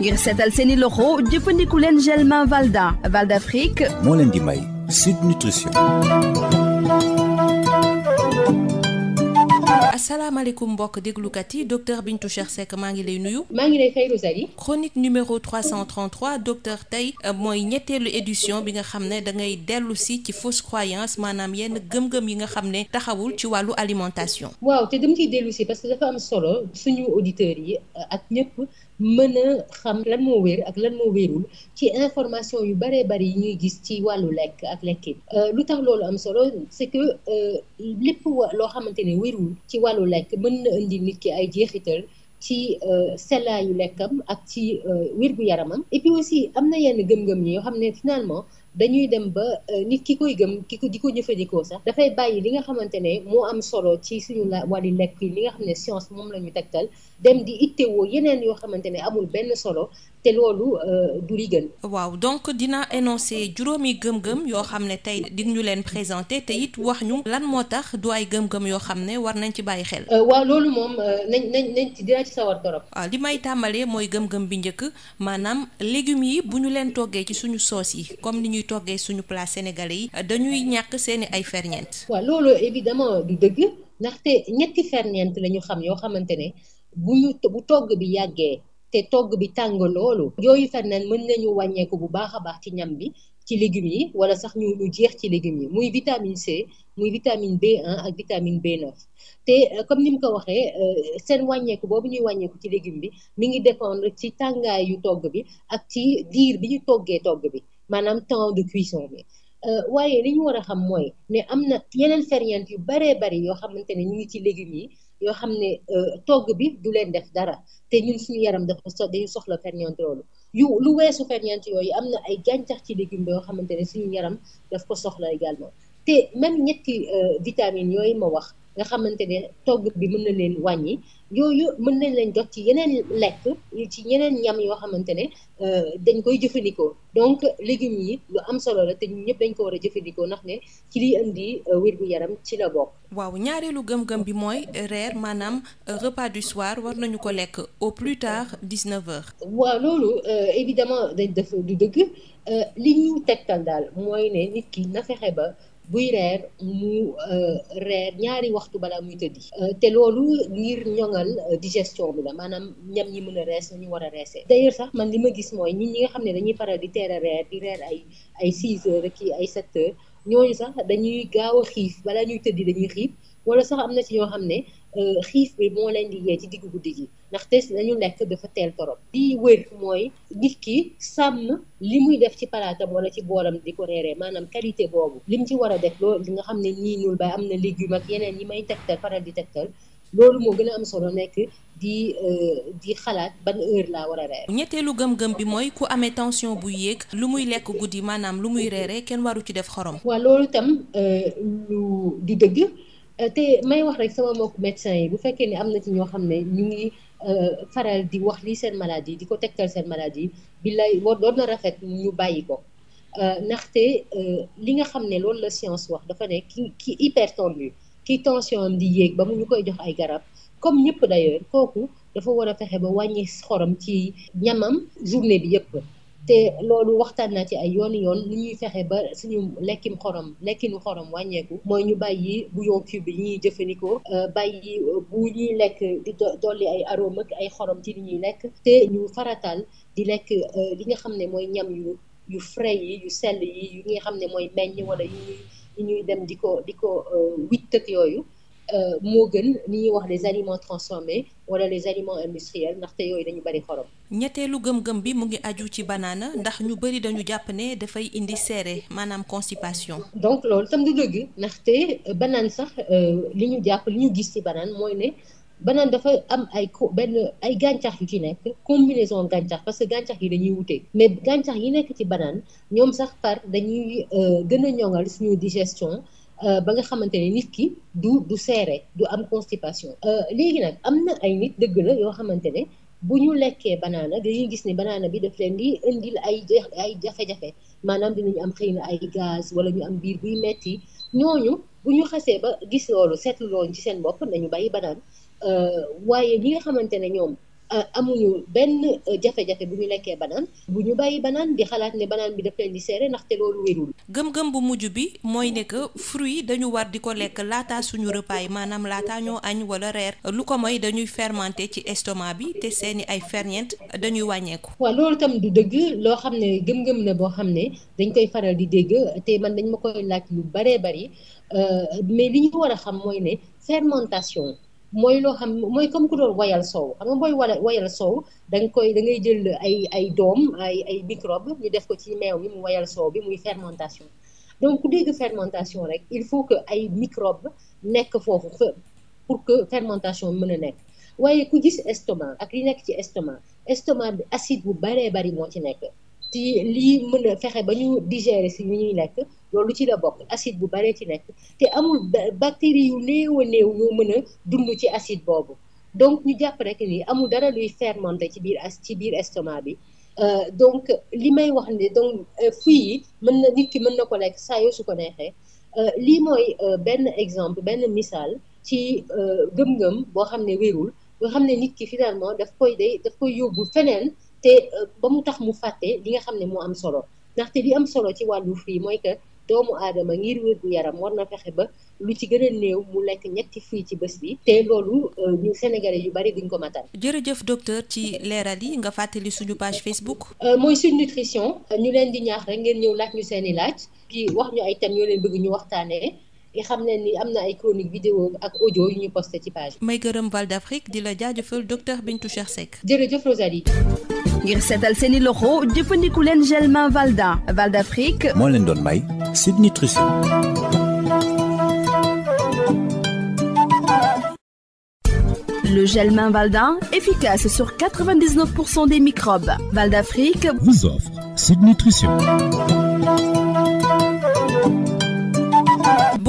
ngir seetal seeni loxo jëfandiku leen gel main Valda Valda moo leen di may Sud Nutrition salaamaaleykum mbokk déglukat yi docteur Bintou Cheikh Seck maa ngi lay nuyu. maa ngi lay fay Rosalie. chronique numéro 333 docteur tey euh, mooy ñetteelu édition bi nga xam ne da ngay dellu si ci fausse croyance maanaam yenn gëm-gëm yi nga xam ne taxawul ci wàllu alimentation. waaw te dama ci dellusi parce que dafa am solo suñu auditeurs yi euh, ak ñëpp mën a xam lan moo wér ak lan moo wérul ci information yu bëree bëri yi ñuy gis ci wàllu lekk ak lekkin euh, lu tax loolu am solo c'est que lépp loo xamante ne wérul ci wàllu wàllu lekk mën na indi nit ki ay jeexital ci euh, sellaayu lekkam ak ci euh, wérgu yaramam et puis aussi am na yenn gëm-gëm yi yoo xam ne finalement dañuy dem ba euh, nit ki koy gëm ki ko di ko jëfandikoo sax dafay bàyyi li nga xamante ne moo am solo ci suñu la wàllu lekk yi li nga xam ne science moom la ñu tegtal dem di ittewoo yeneen yoo xamante ne amul benn solo te loolu euh, du li gën. waaw donc dina énoncé juróomi gëm-gëm yoo xam ne tey di leen présenté te it wax ñu lan moo tax du ay gëm yoo xam ne war nañ ci bàyyi xel. Euh, waaw loolu moom euh, nañ nañ dina ci sawar torop. waaw ah, li may tàmbalee mooy gëm-gëm bi njëkk maanaam légum yi bu ñu leen toggee ci suñu soos yi comme ni ñuy toggee suñu plat sénégalais yi dañuy ñàkk seeni ay ferñeent. waaw loolu évidemment du dëgg ndaxte ñetti ferñeent la ñu xam yoo xamante ne. bu ñu bu togg bi yàggee te togg bi tàng loolu yooyu feneen mën nañu wàññeeku bu baax a baax ci ñam bi ci légumes yi wala sax ñu ñu jeex ci légumes yi muy vitamine C muy vitamine B1 ak vitamine B9 te euh, comme nim mu ko waxee euh, seen wàññeeku boobu ñuy wàññeeku ci légume bi mi ngi dépendre ci tàngaay yu togg bi ak ci diir bi ñu toggee togg bi maanaam temps de cuisson bi euh, waaye li ñu war a xam mooy ne am na ñeneen ferñeent yu baree bari yoo xamante ne ñu ngi ci légumes yi yoo xam ne euh, togg bi du leen def dara te ñun suñu yaram dafa so dañu soxla ferñeent loolu yu lu weesu ferñeent yooyu am na ay gàncax ci légumes yoo xamante ne suñu yaram daf ko soxla également te même ñetti euh, vitamines yooyu ma wax nga xamante ne togg bi mën na leen wàññi yooyu mën nañ leen jot ci yeneen lekk ci yeneen ñam yoo xamante ne euh, dañ koy jëfandikoo donc légumes yi lu am solo la te ñun ñëpp dañ ko war a jëfandikoo ndax ne ci liy indi euh, wérgu yaram ci la bokk. waaw ñaareelu gëm-gëm bi mooy reer maanaam euh, repas du soir war nañu ko lekk au plus tard 19 heures. waaw loolu évidemment dañ def du dëgg li ñu tegtal daal mooy ne nit ki na fexe ba. buy reer mu euh, reer ñaari waxtu balaa muy tëddi euh, te loolu ngir ñoŋal euh, digestion bi la maanaam ñam ñi mën a rees ñu war a reesee d'ailleurs sax man li ma gis mooy ñi ñi nga xam ne dañuy faral di teel a reer di reer ay ay six heures ak ay sept ñooñu sax dañuy gaaw a xiif balaa ñuy tëddi dañuy xiif wala sax am na ci ñoo xam ne euh, xiif bi moo leen di yee ci diggu guddi gi ndaxte dañu lekk dafa teel torop di wér mooy nit ki sàmm li muy def ci palaatam wala ci boolam di ko reeree maanaam qualité boobu lim ci war a def loolu li nga xam ne nii ñuul ba am na légume ak yeneen yi may tegtal faral di tegtal loolu moo gën a am solo nekk di euh, di xalaat ban heure laa war a reer. ñetteelu gëm-gëm bi mooy ku amee tension buy yéeg lu muy lekk guddi maanaam lu muy reeree kenn waru ci def xorom. waaw loolu tam euh, lu di dëgg. Euh, te may wax rek sama mbokk médecin yi bu fekkee ni am na ci ñoo xam ne ñu ngi euh, faral di wax lii seen maladie di ko tegtal seen maladie bi lay war doon na rafet ñu bàyyi ko euh, ndaxte li nga xam ne loolu la science wax dafa ne ki ki hypertendu ki tension am di yéeg ba mu ñu koy jox ay garab comme ñëpp d'ailleurs kooku dafa war a fexe ba wàññi xorom ci ñamam journée bi yëpp te loolu waxtaan naa ci ay yoon yoon lu ñuy fexe ba suñu lekkim xorom lekkinu xorom wàññeeku mooy ñu bàyyi bouillon cube yi ñuy jëfandikoo euh, bàyyi euh, bu ñuy lekk di dolli ay arôme ak ay xorom ci li ñuy lekk te ñu faratal di lekk euh, li nga xam ne mooy ñam yu yu frais yi yu sell yi yu nga xam ne mooy meññ wala yu ñuy dem di ko di ko wittak yooyu Euh, moo gën ni ñuy wax les aliments transformés wala les aliments industriels ndaxte yooyu dañu bari xorom. ñetteelu gëm-gëm bi mu ngi aju ci banaana ndax ñu bari dañu jàpp ne dafay indi seere maanaam constipation. donc loolu tam du dëgg ndaxte euh, banaan sax euh, li ñu jàpp li ñu gis ci banaan mooy ne. banaan dafa am ay co benn ay gàncax yu ci nekk combinaison gàncax parce que gàncax yi dañuy wute mais gàncax yi nekk ci banaan ñoom sax par dañuy gën a ñoŋal suñu digestion Euh, ba nga xamante ne nit ki du du seere du am constipation euh, léegi nag am na ay nit dëgg la yoo xamante ne bu ñu lekkee banaana dañuy gis ne banaana bi daf leen di indil ay ay jafe-jafe maanaam dinañu am xëy na ay gaz wala ñu am biir buy metti ñooñu bu ñu xasee ba gis loolu seetlu loolu ci seen bopp nañu bàyyi banaan euh, waaye ñi nga xamante ne ñoom Euh, amuñu benn euh, jafe-jafe bu ñu lekkee banaan bu ñu bàyyi banaan di xalaat ne banaan bi daf leen di seere ndaxte loolu wérul gëm-gëm bu mujj bi mooy ne que fruit dañu war di ko lekk laataa suñu repas maanaam laataa ñoo añ wala reer lu ko moy dañuy fermenté ci estomac bi te seeni ay ferñeent dañuy wàññeeku waaw loolu tam du dëgg loo xam ne gëm-gëm la boo xam ne dañ koy faral di dégg te man dañ ma koy laaj lu baree bari euh, mais li ñu war a xam mooy ne fermentation mooy loo xam mooy comme ku doon wayal soow xam nga booy wala wayal soow da koy dangay jël ay ay doom ay ay microbe ñu def ko ci meew mi mu wayal soow bi muy fermentation donc ku dégg fermentation rek il faut que ay microbe nekk foofu pour que fermentation mën a nekk waaye ku gis estomac ak li nekk ci estomac estomac bi acide bu baree bari moo ci nekk ci lii mën a fexe ba ñu digérer si li ñuy nekk loolu ci la bokk acide bu baree ci nekk te amul bactérie yu néew a néew ñoo mën a dund ci acide boobu donc ñu jàpp rek ni amul dara luy fermenté ci biir as ci biir estomac bi euh, donc li may wax ne donc euh, fruits mën na nit ki mën na ko lekk saa su ko neexee euh, lii mooy benn exemple benn misaal ci gëm-gëm boo xam ne wérul boo xam ne nit ki finalement daf koy day daf koy yóbbu feneen te ba mu tax mu fàtte li nga xam ne moo am solo ndaxte li am solo ci wàllu fruits mooy doomu aadama ngir wérgu yaram war na fexe ba lu ci gën néew mu lekk ñetti fii ci bés bi te loolu euh, ñu sénégalais yu bari duñ ko matal. jërëjëf docteur ci leeral yi nga fàttali suñu page Facebook. Euh, mooy suñu nutrition ñu leen di ñaax rek ngeen ñëw laaj ñu seen i laaj ki wax ñu ay thèmes yoo leen bëgg ñu waxtaanee. i xam leen ni am na ay chronique vidéo ak audio yu ñu posté ci page may gërëm Val d'Afrique di la jaajëfal docteur Bintou Cheikh Seck jërëjëf Rosalie ngir seetal seeni loxo jëfandiku leen gel main Valda moo leen doon may Sud Le gel main Valda, efficace sur 99% des microbes. Val vous offre Sud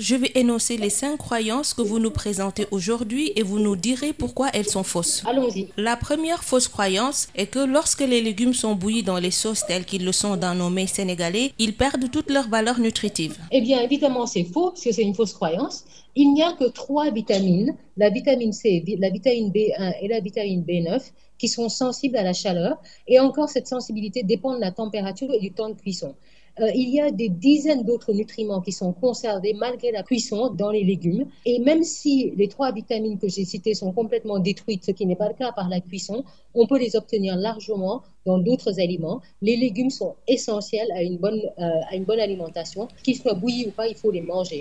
je vais énoncer les cinq croyances que vous nous présentez aujourd'hui et vous nous direz pourquoi elles sont fausses. La première fausse croyance est que lorsque les légumes sont bouillis dans les sauces telles qu'ils le sont dans nos sénégalais, ils perdent toute leur valeur nutritive. Eh bien, évidemment, c'est faux, parce c'est une fausse croyance. Il n'y a que trois vitamines, la vitamine C, la vitamine B1 et la vitamine B9, qui sont sensibles à la euh, il y a des dizaines d'autres nutriments qui sont conservés malgré la cuisson dans les légumes. Et même si les trois vitamines que j'ai citées sont complètement détruites, ce qui n'est pas le cas par la cuisson, on peut les obtenir largement dans d'autres aliments. Les légumes sont essentiels à une bonne, euh, alimentation. Qu'ils soient bouillis ou pas, il faut les manger.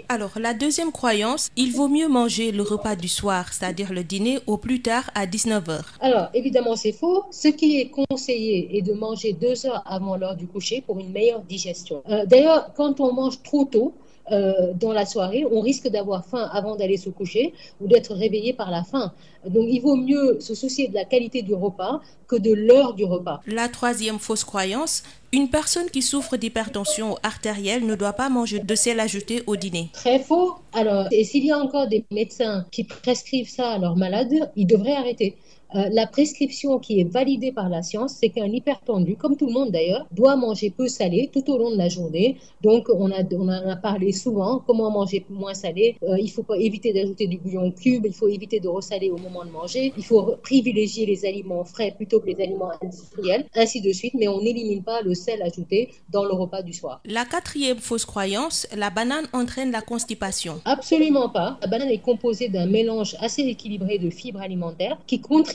la deuxième croyance, il vaut mieux manger le repas du soir, c'est-à-dire le dîner, au plus tard à 19h. Alors, évidemment, c'est faux. Ce qui est conseillé est de manger deux heures avant l'heure du coucher pour une meilleure digestion. Euh, d'ailleurs, quand on mange trop tôt, euh, dans la soirée, on risque d'avoir faim avant d'aller se coucher ou d'être réveillé par la faim. il vaut mieux se soucier de la qualité du repas que de l'heure du repas. La troisième fausse croyance, une personne qui souffre d'hypertension artérielle ne doit pas manger de sel ajouté au dîner. Très faux. Alors, et s'il y a encore des médecins qui prescrivent ça à leurs malades, ils devraient arrêter. Euh, la prescription qui est validée par la science, c'est qu'un hypertendu, comme tout le monde d'ailleurs, doit manger peu salé tout au long de la journée. Donc, on a, on a parlé souvent comment manger moins salé. Euh, il faut pas éviter d'ajouter du bouillon cube, il faut éviter de ressaler au moment de manger, il faut privilégier les aliments frais plutôt que les aliments industriels, ainsi de suite, mais on n'élimine pas le sel ajouté dans le repas du soir. La quatrième fausse croyance, la banane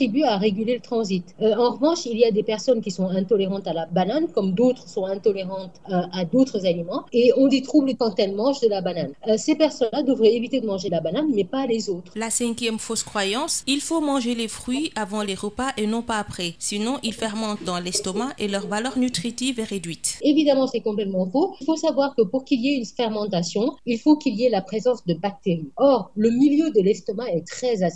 contribue à réguler le transit. Euh, en revanche, il y a des personnes qui sont intolérantes à la banane, comme d'autres sont intolérantes euh, à d'autres aliments, et ont des quand elles mangent de la banane. Euh, ces personnes-là devraient éviter de manger la banane, mais pas les autres. La cinquième fausse croyance, il faut manger les fruits avant les repas et non pas après, sinon ils fermentent dans l'estomac et leur valeur nutritive est réduite. Évidemment, c'est a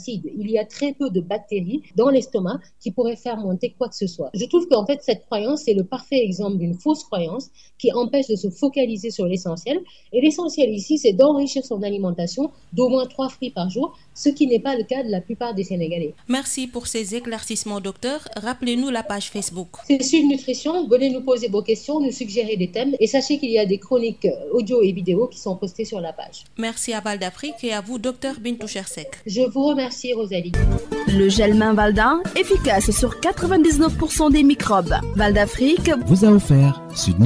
dans l'estomac qui pourrait faire monter que ce soit. Je trouve qu'en fait, cette croyance est le parfait exemple d'une fausse croyance qui empêche de se focaliser sur l'essentiel. Et l'essentiel ici, c'est d'enrichir son alimentation d'au moins trois fruits par jour, ce qui n'est pas le cas de la plupart des Sénégalais. Merci pour ces éclaircissements, docteur. Rappelez-nous la page Facebook. C'est Sud Nutrition. Venez des thèmes et sachez qu'il y a des chroniques euh, Le gel main Valda, efficace sur des microbes. Val vous a offert Sud